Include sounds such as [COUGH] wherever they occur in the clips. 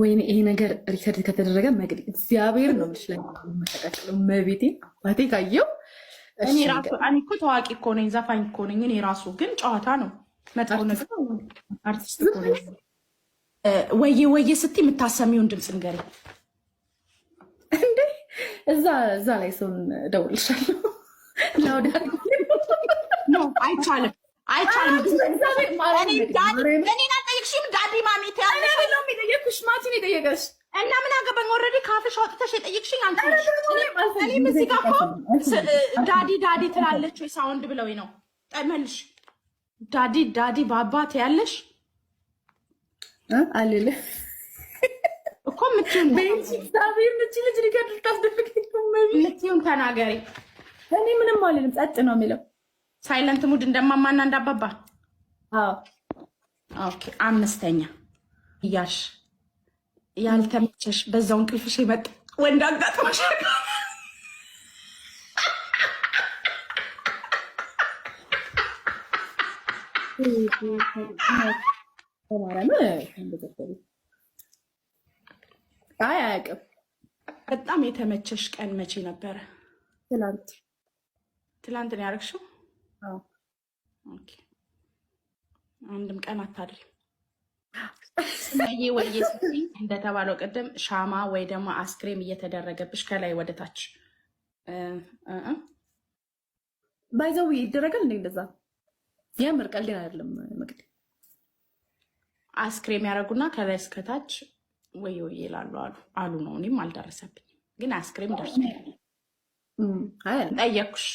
ወይኔ ይሄ ነገር ሪከርድ ከተደረገ መግ እግዚአብሔር ነው ምሽ ላይ መጠቀቅለው መቤቴ አባቴ ካየው እኔ እኮ ታዋቂ እኮ ነኝ፣ ዘፋኝ እኮ ነኝ። እኔ ራሱ ግን ጨዋታ ነው መጥፎ ነገር አርቲስት እኮ ነኝ። ወዬ ወዬ ስትይ የምታሰሚውን ድምፅ ንገሪ እንዴ። እዛ እዛ ላይ ሰውን እደውልልሻለሁ። [LAUGHS] ላውዳ አይቻልም፣ አይቻልም ሀሊማሚ ትያለሽ የጠየቅኩሽ ማቲን የጠየቀሽ እና ምን አገባኝ? ኦልሬዲ ካፍሽ አውጥተሽ የጠየቅሽኝ አንቺ እኔም እዚህ ጋር እኮ ዳዲ ዳዲ ትላለች ወይ ሳውንድ ብለው ነው ጠመልሽ ዳዲ ዳዲ ባባ ትያለሽ አልል እኮ ምችን ተናገሪ። እኔ ምንም አልልም፣ ጸጥ ነው የሚለው ሳይለንት ሙድ እንደማማና እንዳባባ ኦኬ አምስተኛ እያልሽ ያልተመቸሽ በዛው እንቅልፍሽ የመጣ ወንድ አጋጥሞሽ አይ አያውቅም። በጣም የተመቸሽ ቀን መቼ ነበረ? ትላንት። ትላንት ነው ያደረግሽው? ኦኬ አንድም ቀን አታድሪም። ስመዬ ወይ እንደተባለው ቅድም ሻማ ወይ ደግሞ አስክሬም እየተደረገብሽ ከላይ ወደታች ባይዘው ይደረጋል እንደ እንደዛ የምር ቀልድ አይደለም። መቅድ አስክሬም ያደረጉና ከላይ እስከታች ወይ ወይ ይላሉ አሉ አሉ ነው። እኔም አልደረሰብኝም፣ ግን አስክሬም ደርሶ ጠየቅኩሽ።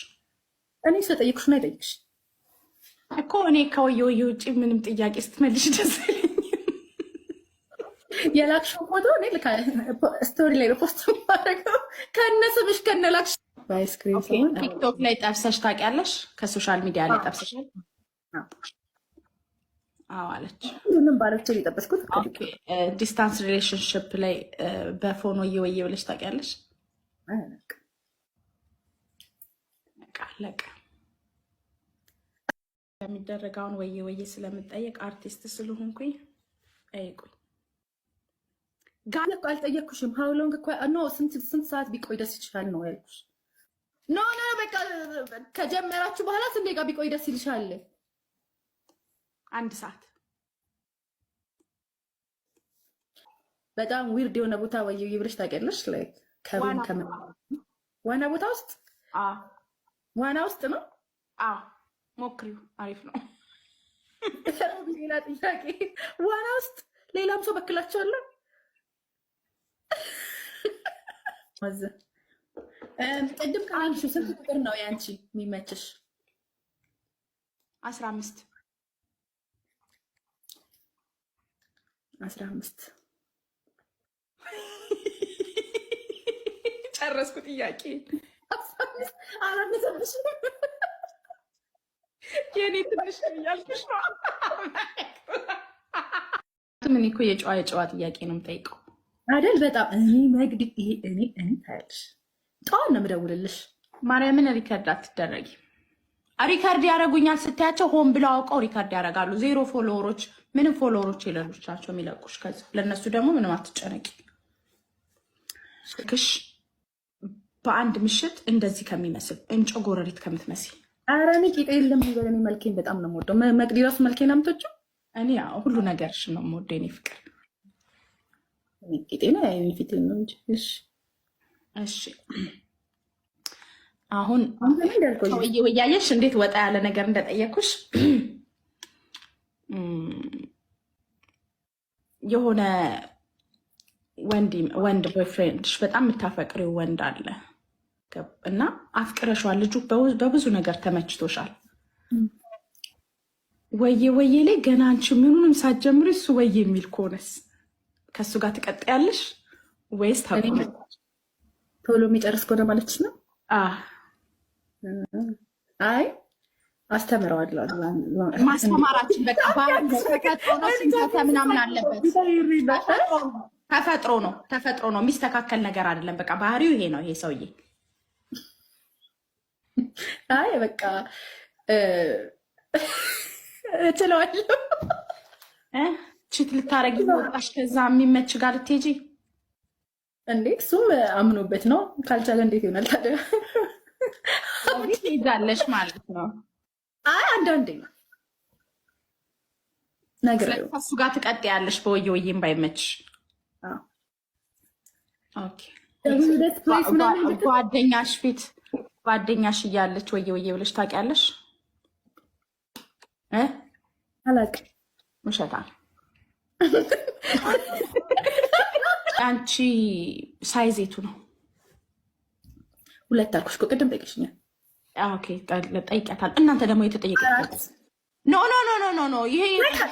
እኔ ስለጠየቅኩሽ ነው የጠየቅሽ እኮ እኔ ከወየው የውጭ ምንም ጥያቄ ስትመልሽ ደስ ይለኝ። የላክሽው ፎቶ ስቶሪ ላይ ፖስት ማድረገው ከነ ስምሽ ከነ ቲክቶክ ላይ ጠብሰሽ ታውቂያለሽ? ከሶሻል ሚዲያ ላይ ጠብሰሻል? አዎ አለች። ምንም ባለች የጠበስኩት ዲስታንስ ሪሌሽንሽፕ ላይ በፎን ወየ ወየ ብለሽ ታውቂያለሽ? አለቀ የሚደረገውን ወየ ወየ ስለምጠየቅ አርቲስት ስለሆንኩኝ ጠይቁኝ። ጋለ እኮ አልጠየቅኩሽም። ሀው ሎንግ እኮ ኖ ስንት ስንት ሰዓት ቢቆይ ደስ ይችላል ነው ያልኩሽ። ኖ ኖ በቃ ከጀመራችሁ በኋላ ስንት ደቂቃ ቢቆይ ደስ ይልሻል? አንድ ሰዓት። በጣም ዊርድ የሆነ ቦታ ወየ ወየ ብለሽ ታውቂያለሽ? ላይክ ከሩም ከመ ዋና ቦታ ውስጥ አ ዋና ውስጥ ነው። አዎ ሞክሪው፣ አሪፍ ነው። ሌላ ጥያቄ፣ ዋና ውስጥ ሌላም ሰው በክላቸዋለ። ቅድም ከአንሹ ስንት ቁጥር ነው ያንቺ የሚመችሽ? አስራ አምስት አስራ አምስት ጨረስኩ ጥያቄ አስራ አምስት የኔ ትንሽ ያልኩሽ ነው። ምን እኮ የጨዋ የጨዋ ጥያቄ ነው የምጠይቀው አይደል? በጣም እኔ መግድ ይሄ እኔ እኔ ታያለሽ፣ ጠዋት ነው የምደውልልሽ። ማርያምን ሪከርድ አትደረጊ። ሪከርድ ያደረጉኛል ስታያቸው ሆን ብለው አውቀው ሪከርድ ያደርጋሉ። ዜሮ ፎሎወሮች፣ ምንም ፎሎወሮች የሌሎቻቸው የሚለቁሽ። ከዚ ለእነሱ ደግሞ ምንም አትጨነቂ። ስልክሽ በአንድ ምሽት እንደዚህ ከሚመስል እንጮ ጎረሪት ከምትመስል ኧረ እኔ ቂጤ የለም ይበል። እኔ መልኬን በጣም ነው የምወደው። መቅዲ ራሱ መልኬን አምቶችም እኔ ሁሉ ነገርሽ ነው የምወደው። እኔ ፍቅር ቂጤ ነው ፊት ነው እንጂ። እሺ እሺ አሁን እያየሽ እንዴት ወጣ ያለ ነገር እንደጠየኩሽ [CLEARS THROAT] የሆነ ወንድ ቦይፍሬንድ በጣም የምታፈቅሪው ወንድ አለ እና አፍቅረሻል። ልጁ በብዙ ነገር ተመችቶሻል። ወዬ ወየ ላይ ገና አንቺ ምኑንም ሳትጀምሪ እሱ ወዬ የሚል ከሆነስ ከእሱ ጋር ትቀጥያለሽ ወይስ ቶሎ የሚጨርስ ከሆነ ማለች ነው? አይ አስተምረዋለሁ። ማስተማራችን ምናምን አለበት ተፈጥሮ ነው ተፈጥሮ ነው የሚስተካከል ነገር አይደለም። በቃ ባህሪው ይሄ ነው ይሄ ሰውዬ አይ በቃ እችለዋለሁ። ችት ልታረጊ ወጣሽ፣ ከዛ የሚመች ጋር ልትሄጂ እንዴ? እሱም አምኖበት ነው። ካልቻለ እንዴት ይሆናል ታዲያ? ትሄጃለሽ ማለት ነው። አይ አንዳንዴ ነው ነገር እሱ ጋር ትቀጥያለሽ። በወየ ወይም ባይመች ጓደኛሽ ፊት ጓደኛሽ እያለች ወየ ወየ ብለሽ ታውቂያለሽ? አላውቅም። ውሸታም። [LAUGHS] አንቺ ሳይዜቱ ነው ሁለት አልኩሽ እኮ ቅድም ጠይቀሽኛል። ጠይቂያታል። እናንተ ደግሞ የተጠየቀ ኖ ኖ ኖ ኖ ኖ ኖ ይሄ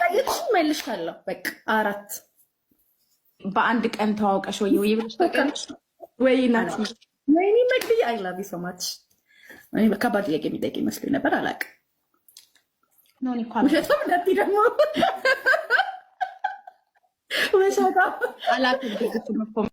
ጠይቅሽ መልሽ ካለው በቃ አራት በአንድ ቀን ተዋውቀሽ ወይ ወይ ብለሽ ወይ ናት ወይኔ መግቢያ አይላቪ ሰማች ከባድ በከባድ ጥያቄ የሚጠይቅ ይመስለኝ ነበር። አላውቅም። ውሸቷም እንዳትዪ ደግሞ ውሸቷም አላውቅም።